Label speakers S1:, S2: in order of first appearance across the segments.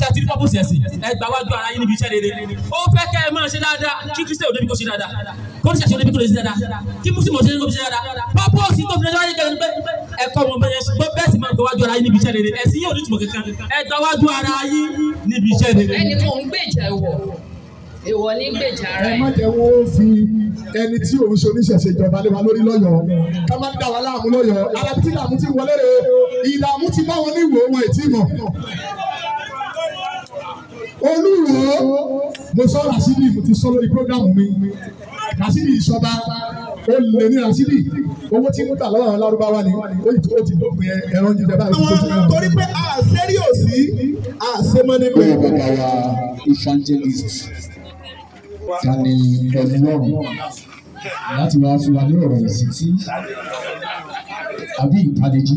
S1: sẹ́tìrì pọ́pọ́sì ẹ̀sìn ẹ gbà wájú ara yín níbi iṣẹ́ rere ó fẹ́ kẹ́ ẹ máa ṣe dáadáa kí kristian òde bí kò ṣe dáadáa kó ní ṣàṣẹ òde bí kò ṣe dáadáa kí mùsùlùmí òṣèlú kò ṣe dáadáa pọ́pọ́sì tó fi lè wáyé kẹ́kẹ́ pé ẹ̀kọ́ wọn bẹ́ẹ̀ ṣe bẹ́ẹ̀ sì máa gbà wájú ara yín níbi iṣẹ́ rere ẹ̀sìn yóò nítumọ̀ kankan ẹ gbà wájú ara yín níbi iṣẹ́ rere. ẹnì
S2: kan ń gbèjà ẹ̀wọ̀ èèwọ̀ ní gbèjà rẹ̀. ẹ má
S3: jẹ́ wọ́n ó fi ẹni tí òun ṣe oníṣẹ̀ṣe ìjọba lé wa lórí lọ́yọ̀ọ́ ká má dá wa láàmú lọ́yọ̀ọ́ alábítí làmú ti wọlé rè é ìdààmú ti bá wọn ní ìwò wọn ì
S4: olúwo
S3: mo sọ rasidi mo ti sọ lórí programu mi rasidi ìṣọba ó lè ní rasidi owó tí ń gbà lọ́wọ́ àwọn lárúbáwá ni ó ti ó ti dópin ẹran jíjẹ báyìí. àwọn torí pé àṣírí ò sí àṣemọ́ ní bẹ́ẹ̀. bẹ́ẹ̀ bàbá wa evangelist ta ni ọlọ́run láti wá fún wa ní ọ̀rọ̀ ìsìtì àbí ìtàlẹ́jì.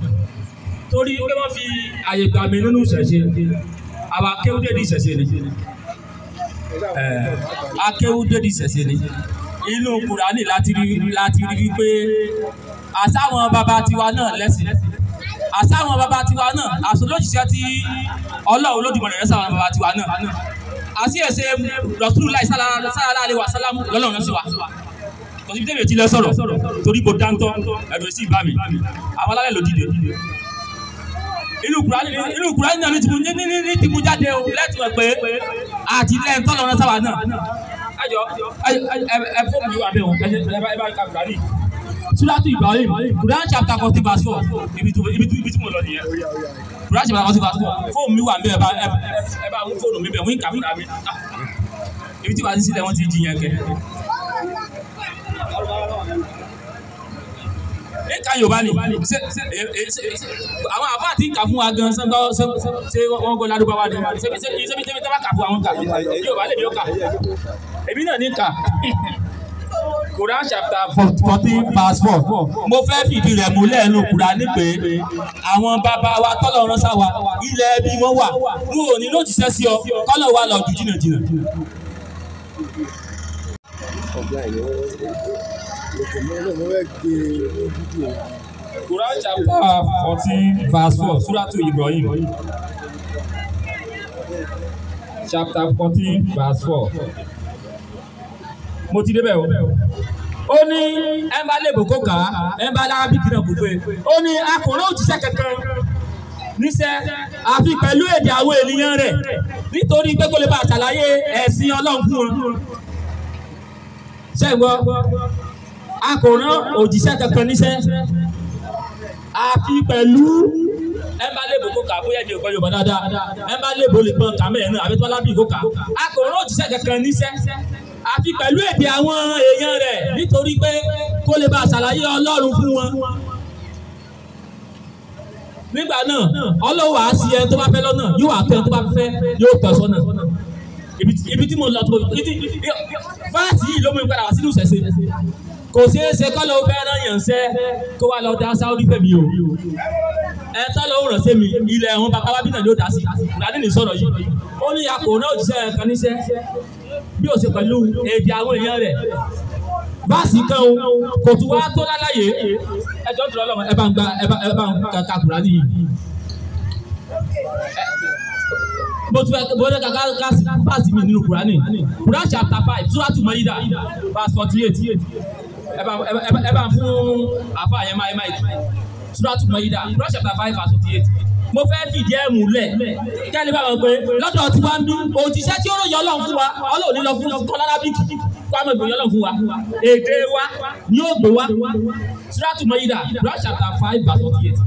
S1: torí pé wọ́n fi àyè gbà mí nínú ìṣẹ̀ṣe àwa akéwúdé di ìṣẹ̀ṣe ni eh, akéwúdé di ìṣẹ̀ṣe ni inú kùránì láti rí láti rí wípé àsáwọn bàbá tiwa náà lẹ́sìn àsáwọn bàbá tiwa náà àsọlójìṣẹ́ tí ọlọ́run Olódùmarè rẹ̀ sáwọn bàbá tiwa náà àti ẹ̀sẹ̀ Rasulullahi sallallahu alaihi wasallam lọ́lọ́run sí wa kò sí bí tẹ́lẹ̀ ti lẹ́ sọ̀rọ̀ torí bó dáńtọ́ ẹ̀dùn sí ìbámi àwọn alálẹ̀ ló inú kùránì náà ní ti mú jáde o lẹ́tùmọ̀ pé àti ilé ń tọ́lọ̀ náà sábà náà ajọ ẹ fún mi wà bẹ́ẹ̀ o ẹ bá ka kùránì. Suratu Ibrahim Quran chapter forty verse four ibi tí mo lọ nìyẹn Quran chapter forty verse four fóònù mi wà ń bẹ ẹ bá ẹ bá mú fóònù mi bẹ wíńkà wíńkà mi ah. ibi tí wàá sílẹ̀ wọ́n ti jiyàn kẹ́ ẹ̀ka yorùbá ni àwọn àbá àti ìkà fún wa gan sọ́ńtọ́ ṣé wọ́n gbọ́ ládùúgbò wa ni ṣébi ṣébi ṣébi kà fún àwọn kà yorùbá lè mi ó kà èmi náà ní kà. Quran chapter fourteen verse four. Mo fẹ́ fìdí rẹ̀ múlẹ̀ nínú Kùránì pé àwọn bàbá wa tọ́lọ̀ rán wa ilẹ̀ ẹbí wọn wà. Mo ò lójúṣẹ́ sí ọ, kọ́lọ̀ wa lọ jù jìnnà jìnnà. Quran chapter fourteen verse four Surah to Ibrahim. Chapter fourteen verse four. Mo ti débẹ̀ o. Ó ní ẹ bá lè bò kó kà á, ẹ bá lára bí kìnnà bò pé. Ó ní akọ̀rọ̀ òjíṣẹ́ kankan níṣẹ́ àfi pẹ̀lú èdè àwọn ènìyàn rẹ̀ nítorí pé kó lè bá àtàlàyé ẹ̀sìn Ọlọ́run fún wọn. Ṣé ìwọ? a kò rán òjíṣẹ́ kankan níṣẹ́ àfi pẹ̀lú ẹnba lébo kó kà bóyá ibi ìkọyọ bọ dáadáa ẹnba lébo lè pọn kà mẹ́rin àbí tọ́lá bí kó kà a kò rán òjíṣẹ́ kankan níṣẹ́ àfi pẹ̀lú èdè àwọn èèyàn rẹ̀ nítorí pé kó lè bá àṣàlàyé Ọlọ́run fún wọn nígbà náà Ọlọ́run wàá sí ẹni tó bá fẹ́ lọ́nà yóò wà tó ẹni tó bá fẹ́ yóò tọ́ sọ́nà ibi tí mo lọ tó ibi tí fáàsì yìí ló mú ìpadà wá sínú ìṣẹ̀ṣe kò ṣeé ṣe kọ́lọ̀ ó fẹ́ rányàn ṣẹ́ kó wá lọ da sáúdí fẹ̀mí o ẹ tọ́ lọ ràn mi ilẹ̀ ẹ̀hún bàbá wa bí náà ló dá sí ìlànà ní sọ̀rọ̀ yìí ó ní akò náà òṣìṣẹ́ kan níṣẹ́ bí ó ṣe pẹ̀lú èdè àwọn èèyàn rẹ̀
S4: báàsì kan o kò tún wá tó lálàyé
S1: ẹjọ́ tó lọ́wọ́ ẹ bá ń gba ẹ bá ń kàkà kùrà nìyí
S4: mo ti fẹ́ bọ́dẹ̀ kàkà
S1: kàkà sí mi nínú Kùránì Kùránì chapter five Suratul Maida verse forty eight ẹ bá fún àfa yẹn máa máa ìtú Suratul Maida Quran chapter five verse forty eight mo fẹ́ fìdí ẹ̀ múlẹ̀ kẹ́lẹ́ bá wọn pé lọ́dọ̀ tí wàá ń bí òjíṣẹ́ tí ó ròyìn Ọlọ́run fún wa Ọlọ́run ní lọ fún kọ́lá lábìkì kwame gbòòyàn lọ fún wa èdè wa ni ó gbé wa Suratul Maida Quran chapter five verse forty eight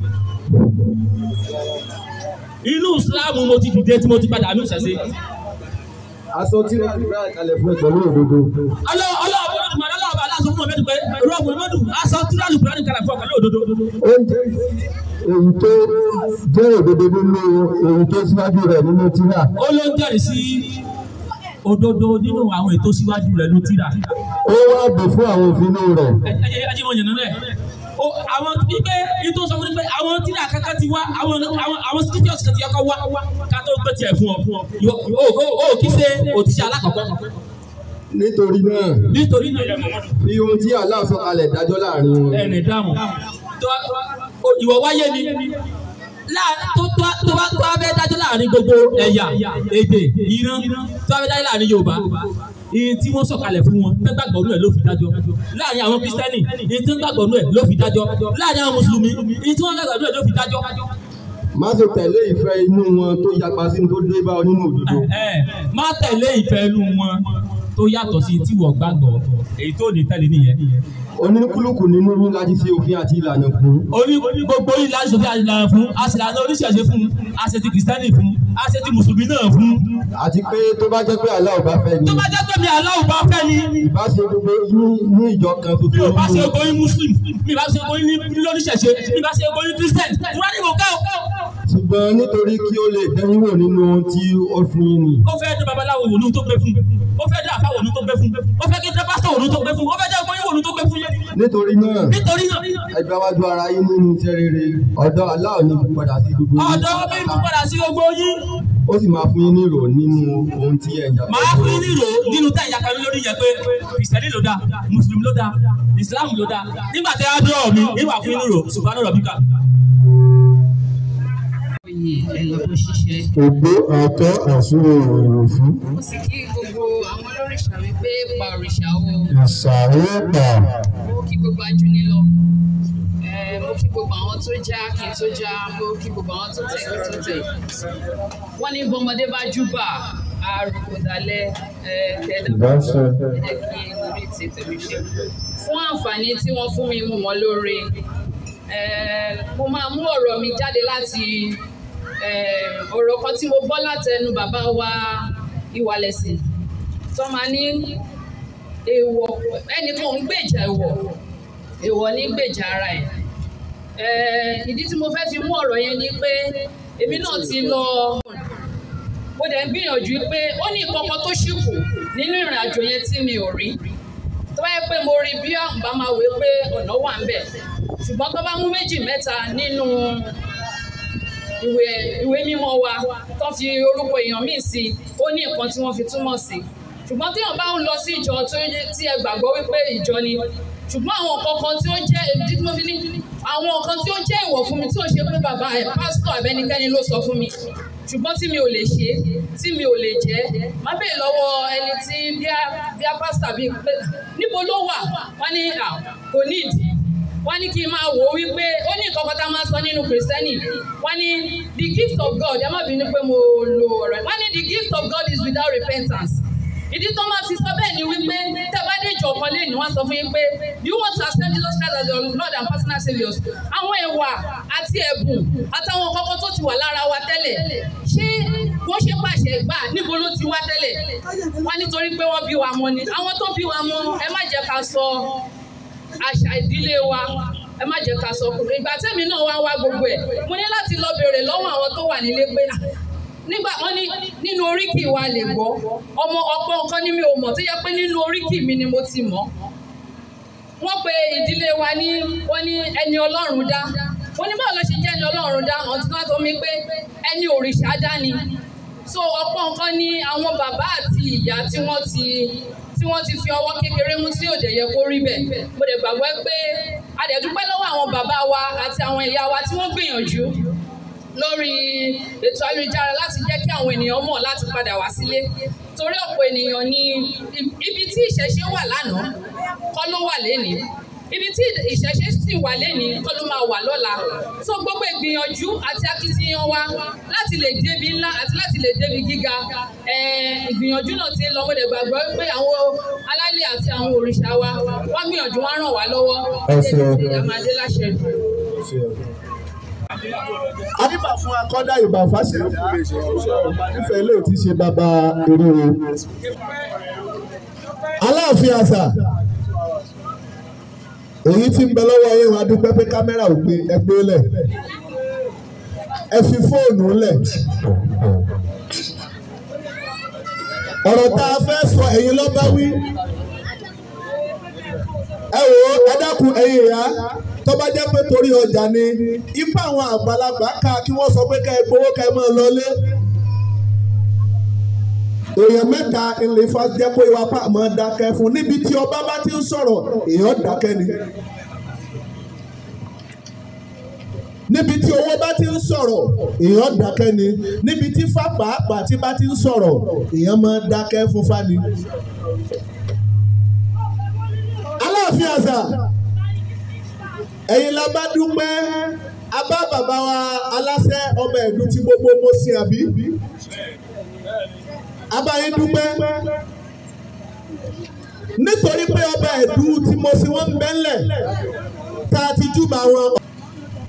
S1: inú Islam mo ti dìde tí mo ti padà mí ṣẹ̀ṣẹ̀. aṣọ tí wọn ti
S3: rà kalẹ̀ fún ẹ pẹ̀lú òdodo.
S1: ọlọ́ ọlọ́ Allah sọ fún èyí tó jẹ́ òdodo nínú èyí tó síwájú rẹ̀ nínú tírà. ó ló ń jẹ́rìí sí òdodo nínú àwọn ètò síwájú rẹ̀ ló tírà. ó wá bẹ̀ fún àwọn òfin rẹ̀. ẹ ẹ jẹ́ mọ̀ yànnà àwọn gbígbé yìí sọ fún mi pé àwọn tí kankan ti wá àwọn àwọn àwọn scriptures kan ti wá ká tó gbé tiẹ̀ fún ọ. o kì í ṣe òtíṣe alákọ̀ọ́kọ́ nítorí náà nítorí náà yẹ mọ̀mọ́dù. fi ohun tí Allah sọ kalẹ̀ dájọ́ láàrin wọn. ẹnì dáàmú ìwọ wáyé ni tó bá tó abẹ́ dájọ́ láàrin gbogbo ẹ̀yà èdè ìran tó abẹ́ dájọ́ láàrin Yorùbá èyí tí wọ́n sọ̀kalẹ̀ fún wọn tó gbàgbọ́ nù ẹ̀ ló fi dájọ́ láàrin àwọn Kristẹni èyí tí wọ́n gbàgbọ́ nù ẹ̀ ló fi dájọ́ láàrin àwọn Mùsùlùmí èyí tí wọ́n gbàgbọ́ nù ẹ̀ ló fi dájọ́ má ṣe tẹ̀lé ìfẹ́ inú wọn tó yapa sí ní tó dé bá ọ òdodo. má tẹ̀lé ìfẹ́ inú wọn tó yàtọ̀ sí tí wọ́n gbàgbọ́ èyí tó lè tẹ̀lé nìyẹn. oníkúlùkù nínú yín láti ṣe òfin àti ìlànà fún. oní gbogbo yín láti ṣe àti ìlànà fún àṣìlànà oníṣẹ̀ṣe fún àṣẹ kìrìsìtẹ́nì fún àṣẹ mùsùlùmí náà fún.
S3: àti pé tó bá jẹ́ pé Allah ò
S1: bá fẹ́ ni. tó bá jẹ́ pé mi Allah ò bá fẹ́ ni. ìbáṣe gbogbo ní ìjọ kan tuntun. mi ò bá ṣe gbogbo yín muslim mi ò bá ṣe gbogbo yín lóníṣẹ̀ṣe christian ìwádìí mò ń ká ṣùgbọ́n nítorí kí ó lè dẹ́yìn wò nínú ohun tí ó fún yín ni. ó fẹ́ dún babaláwo wò ní ohun tó pé fún ó fẹ́ dá àfáwọ̀ ọdún tó gbé fún ó fẹ́ kí tẹ́ pásítọ̀ ọdún tó gbé fún ó fẹ́ dá ọgbọ́n yín ọdún tó gbé fún yé. nítorí náà nítorí náà ẹgbẹ́ wájú ara yín nínú iṣẹ́ rere ọ̀dọ̀ aláwọ̀ ní kú padà sí gbogbo yín. ọ̀dọ̀ mi kú padà sí gbogbo yín. ó sì máa fún yín nírò nínú ohun tí ẹ̀yà. máa fún yín nírò nínú tá ìyá kan lórí yẹn pé kìsẹ́lì ló dáa mùsùlùmí ló dáa ìsìlámù mi nígbà fún yín nírò ṣùgbọ́n náà rọ̀ bí ká
S4: ògbó àtọ àsúrò ìròyìn fún. mo sì
S2: kí òrìṣà wípé pa òrìṣà o. pa. mo kí gbogbo ajúni lọ mo kí gbogbo àwọn tó já kí tó já mo kí gbogbo àwọn tó tẹ̀ kí tó tẹ̀. wọ́n ní bọ́mọdé bá júbà àrùkò dalẹ̀
S4: tẹ̀dọ̀ ẹ̀jẹ̀
S2: kí lórí ti tẹ̀mí ṣe. fún àǹfààní tí wọ́n fún mi mú wọn lóore mo máa mú ọ̀rọ̀ mi jáde láti ọ̀rọ̀ kan tí mo gbọ́ látẹnu bàbá wa ìwàlẹ̀sìn tó máa ní èèwọ̀ ẹnìkan ń gbèjà èèwọ̀ èèwọ̀ ní gbèjà ara ẹ̀ ìdí tí mo fẹ́ fi mú ọ̀rọ̀ yẹn ni pé èmi náà ti lọ mo dẹ̀ ń gbìyànjú pé ó ní ìkọ̀kọ̀ tó ṣì kù nínú ìrìn àjò yẹn tí mi ò rí tó bá yẹ pé mo rí bí àǹbá máa wé pé ọ̀nà wà ń bẹ̀ ṣùgbọ́n tó bá mú méjì mẹ́ta nínú ìwé mímọ́ wa tó fi orúkọ èèyàn míì sí ó ní nǹkan tí wọ́n fi túmọ̀ sí ṣùgbọ́n tí èèyàn bá ń lọ sí ìjọ tí ẹ gbàgbọ́ wípé ìjọ ni ṣùgbọ́n àwọn kankan tí ó jẹ́ èdè tí mo fi ní àwọn nǹkan tí ó jẹ́ ìwọ̀ fún mi tí ó ṣe pé bàbá ẹ̀ pásítọ̀ abẹ́nikẹ́ni ló sọ fún mi ṣùgbọ́n tí mi ò lè ṣe tí mi ò lè jẹ́ má bèè lọ́wọ́ ẹni tí bíá bíá pásítọ̀ bíi pé níbo ló wà wọ́n ní kò ní ìdí wọ́n ní kí n máa wò ó wípé ó ní nǹkan kan tá a máa sọ nínú kìrìsìtẹ́nì wọ́n ní the gift of God ẹ má bínú pé mo lo ọ̀rọ̀ wọ́n ní the gift of God is without repentance ìdí tó máa fi sọ bẹ́ẹ̀ ni wípé tẹ́ bá dé ìjọ ọ̀kan lẹ́nu wọ́n sọ fún yín pé you want to accept Jesus Christ as your Lord and personal saviour àwọn ẹ̀wà àti ẹ̀bùn àtàwọn kọ́kọ́ tó ti wà lára wa tẹ́lẹ̀ ṣé wọ́n ṣe pàṣẹ gbà níbo ló ti wá tẹ́lẹ̀ wọ́n nítorí pé wọ́n bí wa mọ́ ni àwọn tó bí wa mọ́ ẹ má jẹ́ ká sọ àṣà ìdílé wa ẹ má jẹ́ ká sọ ìgbà tẹ́mi náà wá wá gbogbo ẹ̀ mo ní láti lọ béèrè lọ́wọ́ àwọn tó wà nílé pé ah,
S4: nígbà wọn ní nínú oríkì wa lè gbọ́
S2: ọmọ ọ̀pọ̀ nǹkan ni mi ò mọ̀ tó yẹ pé nínú oríkì mi ni mo ti mọ̀ wọ́n pe ìdílé wa ní wọ́n ní ẹni ọlọ́run dá wọ́n ní báwo ló ṣe jẹ́ ẹni ọlọ́run dá ọ̀n tí wọ́n mi pé ẹni òrìṣà dá ni so ọ̀pọ̀ nǹkan ni àwọn bàbá àti ìyá tí wọ́n ti tí wọ́n ti fi ọwọ́ kékeré mú tí òde yẹ kó rí bẹ́ẹ̀ mo dẹ̀ gbàgbọ́ pé a dẹ̀ dúpẹ́ lọ́wọ́ àwọn bàbá wa àti àwọn ìyá wa tí wọ́n gbìyànjú lórí ètò ayélujára láti jẹ́ kí àwọn ènìyàn mọ̀ láti padà wá sílé torí ọ̀pọ̀ ènìyàn ní ibi tí ìṣẹ̀ṣe wà lánàá kọ́ ló wà lénìí ibi tí ìṣẹ̀ṣe sì wà lénìí kọ́ ló máa wà lọ́la so gbogbo ìgbìyànjú àti akitiyan wa láti lè débi ńlá àti láti lè débi gíga ìgbìyànjú náà ti ń lọ wọ́n lè gbàgbọ́ pé àwọn alálẹ̀ àti àwọn òrìṣà wa wọ́n gbìyànjú wọn ràn wá lọ́wọ́
S4: lè tètè àmàdé láṣẹ jù.
S2: adébà fún akọ́dá
S3: yorùbá fásitì nífẹ̀ẹ́ ilé tí ṣe bàbá oríire
S4: aláàfin àṣà
S3: èyí tí ń bẹ lọ́wọ́ yẹn wá dúpẹ́ pé kámẹ́rà ò gbé ẹgbẹ́ lẹ̀
S4: ẹ fi fóònù
S3: lẹ̀ ọ̀rọ̀ tá a fẹ́ sọ ẹ̀yin lọ́ba wí
S4: ẹ wò ó ẹ tó bá jẹ́ pé torí
S3: ọjà ni ipa àwọn àgbàlagbà ká kí wọ́n sọ pé ká ẹ gbowó ká ẹ máa lọlé èèyàn mẹ́ta ilé jẹ́ kó ìwà pa àmọ́ dákẹ́ fún níbi tí ọba bá ti ń sọ̀rọ̀ èèyàn dákẹ́ ni. níbi tí owó bá ti ń sọ̀rọ̀ èèyàn dákẹ́ ni níbi tí fàpàpà tí bá ti ń sọ̀rọ̀ èèyàn máa dákẹ́ fún fani. aláàfin àṣà ẹ̀yin la bá dúpẹ́ abá bàbá wa aláṣẹ ọmọ ẹ̀dùn tí gbogbo mo sin àbí
S4: abá yín dúpẹ́
S3: nítorí pé ọba ẹ̀dùn tí mo sin wọ́n ń bẹ́ńlẹ̀ tá a ti júbà wọn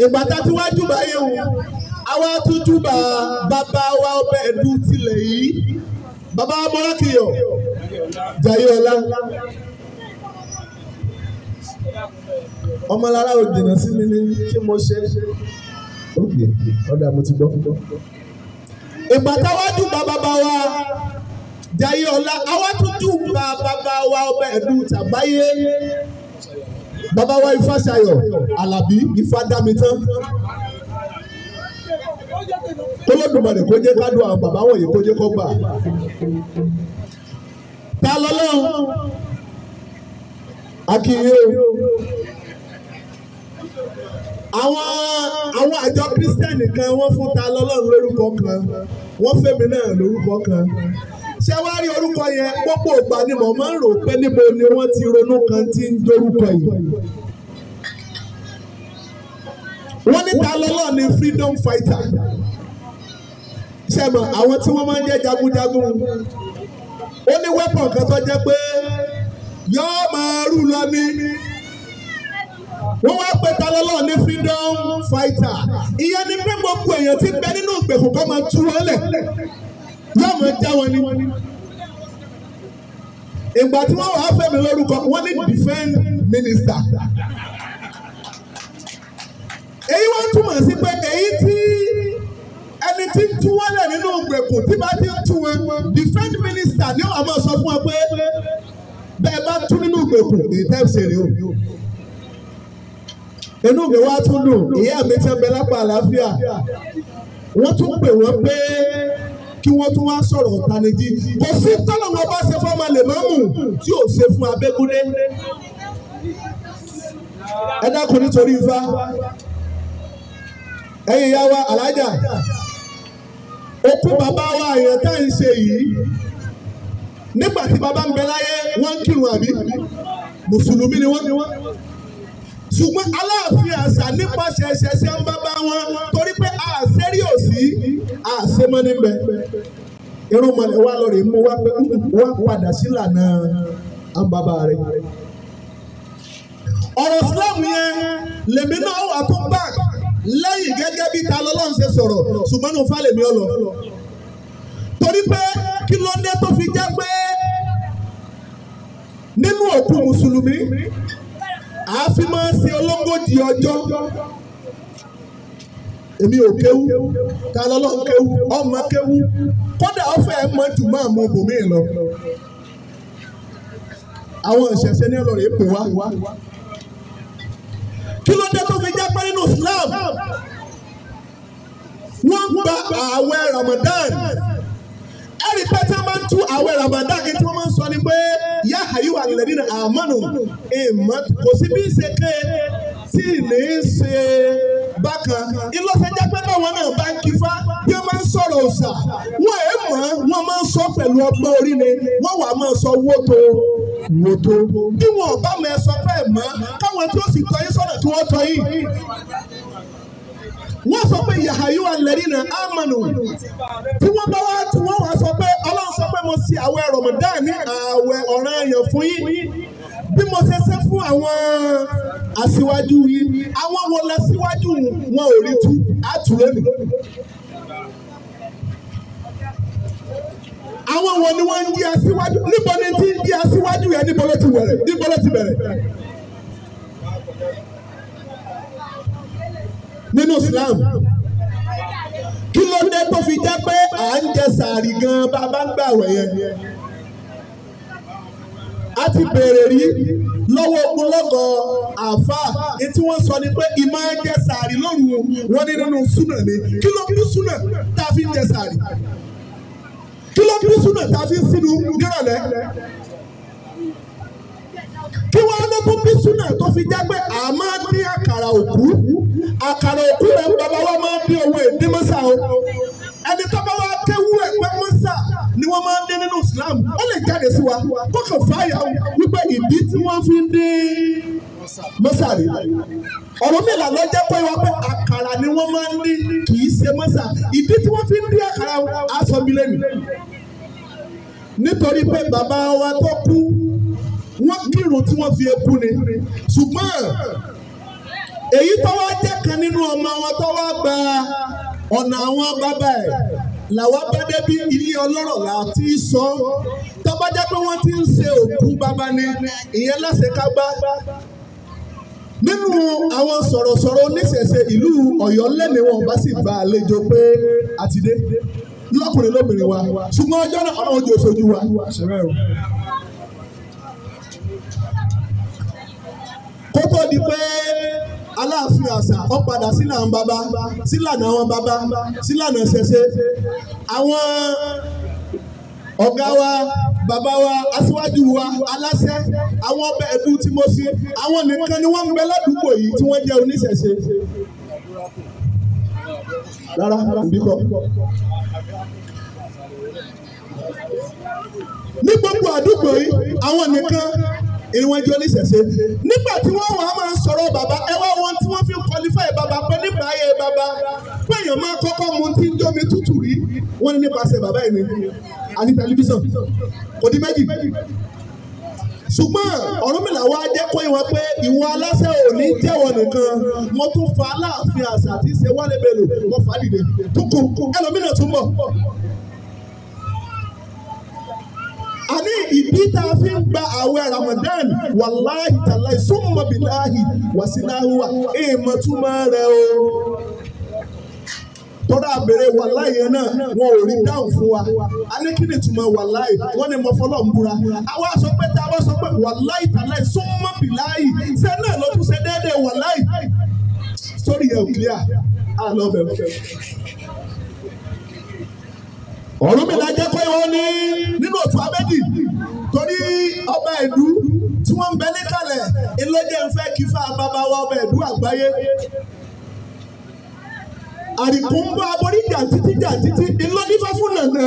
S3: ìgbà tá a ti wá júbà yìí o àwa tún júbà bàbá wa ọba ẹ̀dùn tilẹ̀ yìí bàbá wa mọ́rákìyọ̀ jàyé ọlá ọmọlára ò dènà sí mi ní kí mo ṣe ókè ọ̀dà mo ti gbọ́. ìgbà táwájú bàbá bá wa jayé ọlá àwa tuntun bàbá bá wa ọba ẹ̀dùn tàgbáyé bàbá wa Ifáṣayọ̀ Alábí Ifádámitán kólódùmarè kó kádùn àwọn bàbá wọ̀nyí kó jẹ́ ta lọ́lọ́run akínyé o àwọn àwọn àjọ kírísítẹ́nì kan wọ́n fún ta lọ́lọ́run lórúkọ kan wọ́n fẹ́mi náà lórúkọ kan ṣé wàá rí orúkọ yẹn pọ́pọ́ ògbà ni mo máa ń rò pé níbo ni wọ́n ti ronú kan tí ń dorúkọ yìí wọ́n ní ta lọ́lọ́ ni freedom fighter ṣé mọ̀ àwọn tí wọ́n máa ń jẹ́ jagunjagun ó ní wẹ́pọ̀n kan tó jẹ́ pé yóò máa rú lọ ní. Wọ́n wá pe talọ́lọ́ ní freedom fighter. Ìyẹn ni pé gbogbo èèyàn ti bẹ nínú ìgbèkùn kọ́ máa tú wọn lẹ̀. Yóò máa já wọn ní. Ìgbà tí wọ́n wàá fẹ́ mi lórúkọ, wọ́n ní defence minister. Èyí wọ́n túmọ̀ sí pé èyí tí ẹni tí ń tú wọn lẹ̀ nínú ìgbèkùn tí bá ti ń tú wọn. Defence minister ni ó wà máa sọ fún wọn pé bẹ́ẹ̀ bá tún nínú ìgbèkùn ìtẹ́sẹ̀ rè o inú mi wá tún dùn ìyá mi ti ń bẹ lápá àlàáfíà wọ́n tún pè wọ́n pé kí wọ́n tún wá sọ̀rọ̀ ìtanijí kò sí tọ́lọ́mọ bá ṣe fún ọmọ lèmọ́mù tí ò ṣe fún Abẹ́kúndé
S4: ẹ dákun nítorí ifá
S3: ẹ̀yin ìyá wa alájà òkú bàbá wa àyàn tá à ń ṣe yìí nígbà tí bàbá ń bẹ láyé wọ́n ń kírun àbí mùsùlùmí ni wọ́n ṣùgbọ́n aláàfin àṣà nípasẹ̀ ṣẹṣẹ ń bábá wọn torí pé àṣẹ́rí ò sí àṣemọ́ níbẹ̀ irun mọ̀lẹ́ wa lọ rè mú wa pé wá padà sí lànà àbábá rẹ̀ ọ̀rọ̀ Islam yẹn lèmi náà wà tó bá lẹ́yìn gẹ́gẹ́ bí ta lọ́lọ́run ṣe sọ̀rọ̀ ṣùgbọ́n nù fálẹ̀mí ọlọ́ torí pé kí ló dé tó fi jẹ́ pé nínú òkú mùsùlùmí
S4: a fi máa ń ṣe ológójì ọjọ́
S3: èmi ò kéwú ta lọ́lọ́run kéwú ọmọ kéwú kódà ọ̀fẹ́ mọ́ jù máa mọ bòmí lọ àwọn ìṣẹ̀ṣẹ̀ ní ọlọ́run èpè wá kí ló dé tó fi jẹ́ pé nínú Islam wọ́n gba ààwẹ̀ Ramadan ẹ̀rí pé tí wọ́n máa ń tú àwẹ̀ Ramadan kí tí wọ́n máa ń sọ ni pé yá àyíwá àgbẹ̀lẹ̀ nínú àmọ́nù ìmọ̀ kò sí bí ṣe ké tí ní ṣe bákan ìlọsẹ jẹ pé báwọn náà bá ń kífá bí wọ́n máa ń sọ̀rọ̀ ọsà wọn ẹ mọ̀ wọ́n máa ń sọ pẹ̀lú ọgbọ́n orí ni wọ́n wà máa sọ wóto wóto bí wọn ò bá mọ ẹ mọ káwọn tí ó sì tọ́ yín sọ́nà tí wọ́n tọ́ yín
S4: wọ́n sọ pé yahayuwa lẹ́rìnà amanu tí wọ́n bá wá
S3: tí wọ́n wá sọ pé ọlọ́run sọ pé mo ṣe àwẹ̀ Ramadan ní àwẹ̀ ọ̀ranyàn fún yín bí mo ṣe ṣe fún àwọn aṣíwájú yìí àwọn wo lọ síwájú wọn ò rí tú àtúlẹ̀ nù. àwọn wọn ni wọ́n ń di aṣíwájú níbo ni ti ń di aṣíwájú yẹn níbo ló ti wẹ̀rẹ̀ níbo ló ti bẹ̀rẹ̀ nínú Islam kí ló dé tó fi jẹ́ pé à ń jẹ sàárì gan bá a bá ń gbàwẹ̀ yẹn a ti béèrè rí lọ́wọ́ ogunlọ́gọ̀ àfa ní tí wọ́n sọ ni pé ìmọ̀ ń jẹ sàárì lóru wọn ní nínú súnà ni kí ló kú súnà tá a fi ń jẹ sàárì kí ló kú súnà tá a fi ń sínú nírọ̀lẹ́ kí wọ́n ló mú bísúnà tó fi jẹ́ pé a máa dín àkàrà òkú àkàrà òkú rẹ̀ bàbá wa máa dín owó èdè mọ́sà o ẹni tó bá wá kéwú ẹ̀ pé ni wọ́n máa ń dín nínú Islam ó lè jáde sí wa kókò fáyà wípé ìdí tí wọ́n fi ń dín
S4: mọ́sà rẹ̀ ọ̀rọ̀ mi là lọ jẹ́ pé
S3: wá pé àkàrà ni wọ́n máa ń dín kì í ṣe mọ́sà ìdí tí wọ́n fi ń dín àkàrà aṣọ mi lẹ́nu nítorí pé bàbá wa tó kú wọ́n kírun tí wọ́n fi eku ni ṣùgbọ́n èyí tó wá jẹ́ kan nínú ọmọ wọn tó wá gba ọ̀nà àwọn bàbá ẹ̀ làwọn bá débi ilé ọlọ́rọ̀ láti sọ tó bá jẹ́ pé wọ́n ti ń ṣe òkú bàbá ni ìyẹn láṣekágbá nínú àwọn sọ̀rọ̀sọ̀rọ̀ oníṣẹ̀ṣe ìlú ọ̀yọ́ lẹ́nu wọn bá sì gba àlejò pé àtidé lọ́kùnrin lóbìnrin wa ṣùgbọ́n ọjọ́ náà ọ̀nà òjò ṣojú wa.
S4: kó tó di pé
S3: aláàfin àṣà ó padà sílànà àwọn baba sílànà àwọn baba sílànà ṣẹṣẹ àwọn ọ̀gá wa bàbá wa aṣíwájú wa aláṣẹ àwọn ọbẹ̀ ẹ̀dùn tí mo ṣe àwọn nìkan ni wọ́n ń bẹ ládùúgbò yìí tí wọ́n jẹ́ oníṣẹ̀ṣe.
S4: rárá ìbí kọ. ní gbogbo àdúgbò yìí àwọn nìkan
S3: ìwọ̀n ìjọ oníṣẹ̀ṣe nígbà tí wọ́n wàá máa ń sọ̀rọ̀ bàbá ẹ wá wọn tí wọ́n fi ń kọlifáì bàbá pé nípa ayé bàbá pé èèyàn máa kọ́kọ́ mu tí ń jómi tútù rí wọ́n ní nípasẹ̀ bàbá yìí ni àti tẹlifíṣàn kò di méjì ṣùgbọ́n Ọ̀rúnmìlà wá jẹ́ kó ìwọ pé ìwọ aláṣẹ ò ní jẹ́wọ́ nìkan mo tún fa aláàfin àṣà àti ṣe wálébèlò mo fà á dìde tó kù Ani ìdí tá a fi ń gba àwẹ̀ Ramadan wàláhì tàláì súnmọ́bìláhì wàsíláhùwà èèmọ̀ túmọ̀ rẹ̀ o
S4: tọ́lá àbẹ̀rẹ̀ wàláì náà wọn ò rí dáhùn fún wa
S3: alékìní túmọ̀ wàláì wọ́n ní mo fọlọ́ ń búra àwa sọ pé tá a bá sọ pé wàláì tàláì súnmọ́bìláhì ṣe náà ló tún ṣe déédéé wàláì sórí ẹ̀ ò clear àlọ́ bẹ̀rẹ̀ Ọ̀rúnmìlà jẹ́ pé wọ́n ní nínú òtún abẹ́dì torí ọba ìlú tí wọ́n ń bẹ níkàlẹ̀ ìlọ́jẹ̀ ń fẹ́ kí fáà bàbá wa ọba ìlú àgbáyé àrìkú ń bá aboríjà títí jà títí ìlọ́nífà fún nànà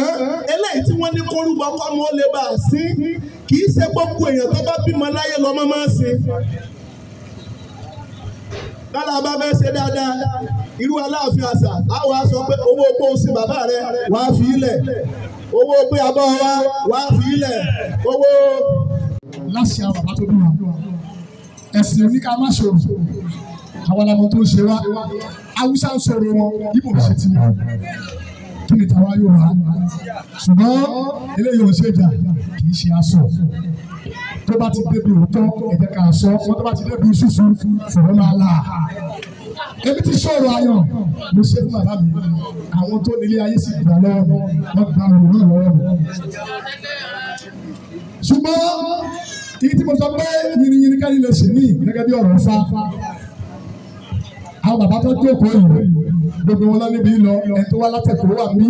S3: eléyìí tí wọ́n ní kórúbọ kọ́mú lè bá a sí kì í ṣe gbogbo èèyàn tó bá bímọ láyé lọ́mọ máa ń sin bára bá fẹ́ ṣe dáadáa irú aláàfin àṣà á wàá sọ pé owó pé o sin bàbá rẹ wàá fi ilẹ̀ owó pé abọ́ wa wàá fi ilẹ̀ owó. láṣẹ àwọn bàbá tó dùn wá ẹ̀sìn oníkà má ṣòro àwọn ọmọ tó ń ṣe wá haúsá ń sọ̀rọ̀ wọn ibo ṣe ti wọn kí ni tàwa yóò wá ṣùgbọ́n eléyìí ò ṣèjà kì í ṣe aṣọ tó bá ti débi òótọ́ ẹ̀jẹ̀ ká sọ wọn tó bá ti débi ṣíṣú fòrò máa là
S4: èmi ti sọ̀rọ̀ ayọ̀
S3: mo ṣe fún bàbá mi àwọn tó nílé ayé sì gbà lọ́wọ́ wọn gba òwúrọ̀ lọ́wọ́ mi. ṣùgbọ́n iye tí mo sọ pé yìnyín kárí lè ṣe ní gẹ́gẹ́ bí ọ̀rọ̀ ń fa àwọn bàbá tó jókòó yìí gbogbo wọn lọ́ní bí lọ ẹ̀ tó wá látẹ̀kọ́ wà mí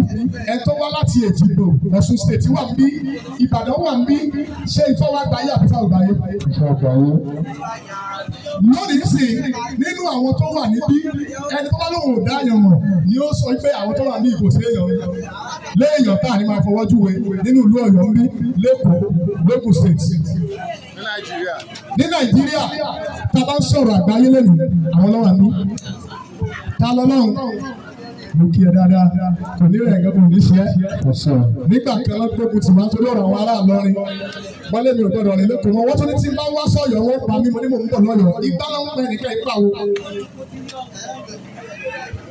S3: ẹ̀ tó wá láti Èjìgbò Ọ̀ṣun state wà mí Ìbàdàn wà mí ṣé ìfọwọ́gbáyé àbí fáwọ́gbáyé. lónìí sì nínú àwọn tó wà níbí ẹni tó bá lóun ò dáyàn mọ̀ ni ó sọ pé àwọn tó wà ní ìkòsí èèyàn léèyàn tá a ní máa fọwọ́ júwe nínú ìlú Ọ̀yọ́ ń bí lẹ́kọ̀ọ́ lókùn state ní Nàìjíríà tá a bá ń sọ̀rọ̀ àgbáyé lónìí àwọn lọ́wọ́ àmì ta lọ́lọ́run mo kí ẹ dáadáa kò ní rẹ̀ nǹkan kò ní ṣe é. nígbà kan lọ́gbọ́gun tì máa ń torí ọ̀rọ̀ àwọn ará lọ́rin wọ́n lé mi ò gbọ́dọ̀ rìn lẹ́kọ̀ọ́ wọn wọ́n tún ní tí n bá wá sọ̀yọ̀ wọn pa mí mo ní mò ń bọ̀ lọ́yọ̀ ìgbà ló ń pẹ́ nìkan ìgbà wo.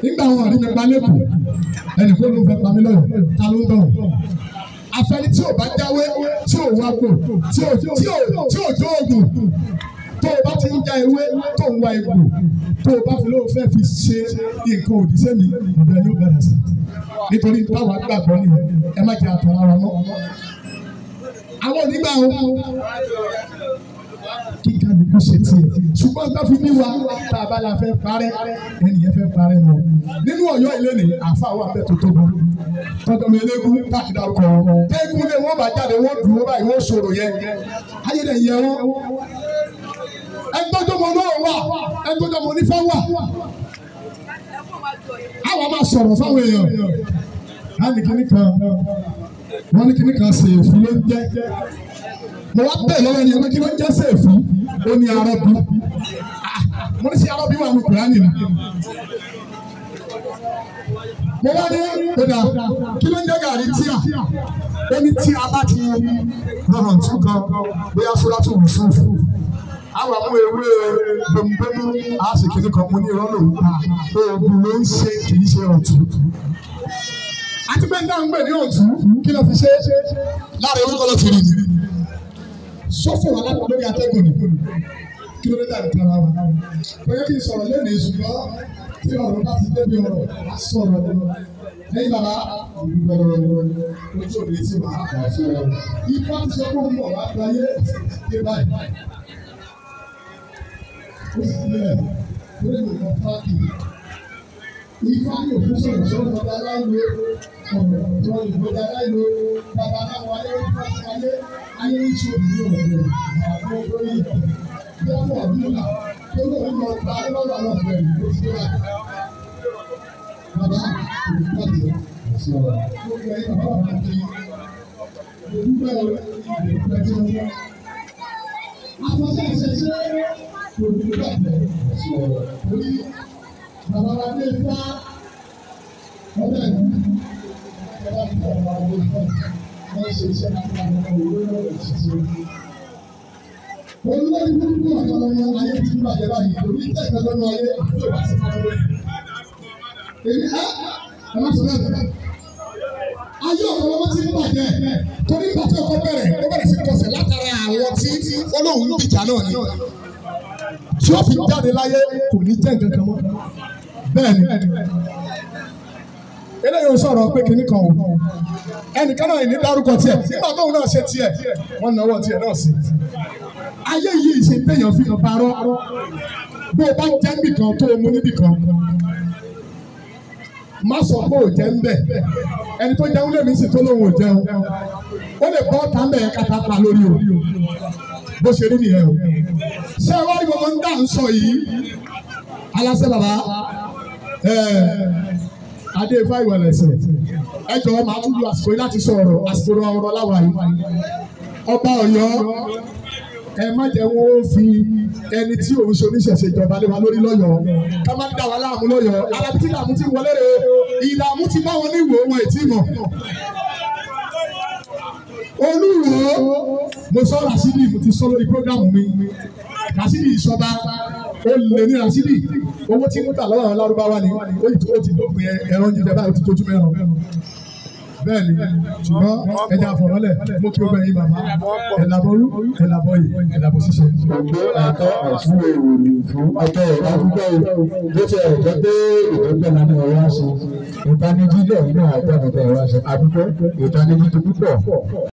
S4: nígbà wọn àrí mi pa lẹ́kọ̀ọ́
S3: ẹnì kó ló fẹ́ pa mí lọ́yọ̀ ta ló ń bọ̀
S4: afẹ́ni tí ò bá jáwé tí ò wá
S3: tó o bá ti ń ja ewé tó ń wa egbò tó o bá fi lóun fẹ́ fi ṣe nǹkan òdì sẹ́mi ọ̀dọ̀ ni ó gbàdá sí
S4: nítorí táwa gbàgbọ́
S3: nìyẹn ẹ má jẹ àtọ̀ ara mọ́ àwọn onígbà wọn kíkà ní kó ṣe tiẹ̀ ṣùgbọ́n tó fi mí wa tá a bá la fẹ́ parẹ́ ẹnìyẹn fẹ́ parẹ́ lọ. nínú ọ̀yọ́ ilé ni àfa wà bẹ́ẹ̀ tó tó bọ́ tọ́jọ́ mi eléegun káàkiri dárúkọ tẹ́gùn lé wọ́n bá jáde wọ́n dùn wọ́n báyìí wọ́n sọ̀rọ̀ yẹn
S4: ayédèyẹ wọn ẹgbẹ́jọ́mọ náà wà ẹgbẹ́jọ́mọ onífẹ́ wà. Àwọn máa sọ̀rọ̀ fáwọn èèyàn.
S3: A ní kíní kan, wọ́n ní kíní kan ṣèèfù ló ń jẹ́. Mo wá bẹ̀rẹ̀ lọ́wọ́ ẹni ẹgbẹ́ kí ló ń jẹ́ ṣèèfù, ó ní arọ́bí. Mo ní sí arọ́bí wà ní Kùránì ni.
S4: Mo wá ní ìdá kí ló ń jẹ́ gàrí tíà?
S3: Ó ní tí a bá ti rọrùn tún kan bóyá fúlátù wù sùn fún àwọn àmú ewé bẹ̀mùbẹ̀mù á sì kiri kan mú ní ìrọ́lù pa oògùn ló ń ṣe kì í ṣe ọ̀tún. àti pé ń dáhùn pé ní ọ̀tún kí ló fi ṣe láàrin orúkọ ló fi rí i. sọ́fù wà lápò lórí atẹ́gùn ni kí ló dé dàbí tara wa. bóyá kí n sọ̀rọ̀ lónìí ṣùgbọ́n tí ọ̀rọ̀ bá ti débi ọ̀rọ̀ á sọ̀rọ̀ lọ́wọ́ lẹ́yìn bàbá ojú òde tí wàá kà á sọ̀rọ̀ ìfọ̀ àti sọ́kùn mọ̀ wá láyé dé báyìí. Muslim
S4: lórí ìlú Fáàkì. Ifá ní òkú sọ̀rọ̀ sọ́dọ̀ bàbá aláìlo ọ̀rọ̀ tó lè gbọ́dọ̀ bàbá aláwọ̀ ayé fásitì ayé ayé ń ṣe òbí ọ̀rọ̀ àwọn olórí ìtàn. Bí a fọ̀ ọ̀dún náà, tó lè ń lọ bá ẹlọ́wọ̀ àwọn ọ̀rọ̀ ìlú tó ti rà. Bàbá òkúta sọ̀rọ̀ tó yẹ ìbáwọ̀ àti ìdúpẹ́ ìdúpẹ́ tí wọ́n tó dúró lábẹ́ sọ̀rọ̀ torí bàbá wa dé sá ọ̀dà ìlú bàbá tó bàbá wa dé sá wọ́n ṣe iṣẹ́ láti àwọn òwe lọ́wọ́ títí.
S3: Olúwẹ̀rí tó dúró ọ̀dọ́ lọ́wọ́ ayé ti ń bàjẹ́ báyìí torí tẹ̀sán lọ́wọ́
S4: ayé àti òwá sí máa wẹ̀. Èmi á ẹ má sọ bẹ́ẹ̀ ayé ọ̀pọ̀lọpọ̀ ti ń bàjẹ́ torí ìgbà tí ọkọ bẹ̀rẹ̀ ó
S3: bẹ̀rẹ̀ sí kọsẹ̀ látara tí ó fi jáde láyé kò ní jẹ́ nǹkan kan mọ́ bẹ́ẹ̀ ni eléyìí ń sọ̀rọ̀ pé kinní kan ò ẹnìkan náà ní dárúkọ tiẹ̀ nígbà tóun náà ṣe tiẹ̀ wọ́n náwó tiẹ̀ náà sí ayé yìí ṣe péyàn fi hàn parọ́ bó o bá jẹ́ níbìkan tó o mú níbìkan má sọ pé ò jẹ́ ń bẹ̀ ẹni tó jẹun lèmi sì tó lóun ò jẹun ó lè bọ́ ọ̀tá ń bẹ̀ kátà lórí o bó ṣe rí nìyẹn o ṣé ẹ wá rí gbogbo ń dà ń sọ yìí aláṣẹ bàbá adé ifá ìwà lẹsẹ ẹ jọ̀wọ́ màá tún lu àsìkò yìí láti sọ̀rọ̀ àsìkò ọ̀rọ̀ láwàá yìí ọba Ọ̀yọ́ ẹ má jẹ́ wọ́n ó fi ẹni tí òun ṣe oníṣẹ̀ṣe ìjọba lé wa lórí lọ́yọ̀ọ́ ká má dá wa láàmú lọ́yọ̀ọ́ alábí tí ìdààmú ti wọlé rè ìdààmú ti bá wọn ní ìwò wọn ìtì mọ̀
S4: olúwo
S3: mo sọ rasidi mo ti sọ lórí programu mi rasidi ìṣọba olè ní rasidi owó tí mo gbà lọ́wọ́ àwọn lárúbáwá ni ó ti dópin ẹran jíjẹ báyìí ó ti tójú mẹ́ràn bẹ́ẹ̀ ni ṣùgbọ́n ẹja àfọ̀rọ́lẹ̀ mo kí o bẹ̀rẹ̀ yín bàbá ẹ̀làbọ̀rú ẹ̀làbọ̀yì ẹ̀làbọ̀ ṣíṣe. àgbo àtọ àfún èrò ni fún ọjọ́ ìdádúgbò
S4: bó ti ẹ̀ jẹ́ pé ìdọ́gbẹ́ náà ni ọ̀rọ̀ àṣẹ ìtanijí lẹ̀ nínú àgbẹ̀ àgbẹ̀ ọ̀rọ̀ àṣẹ àdúgbò ìtanijí ti púpọ̀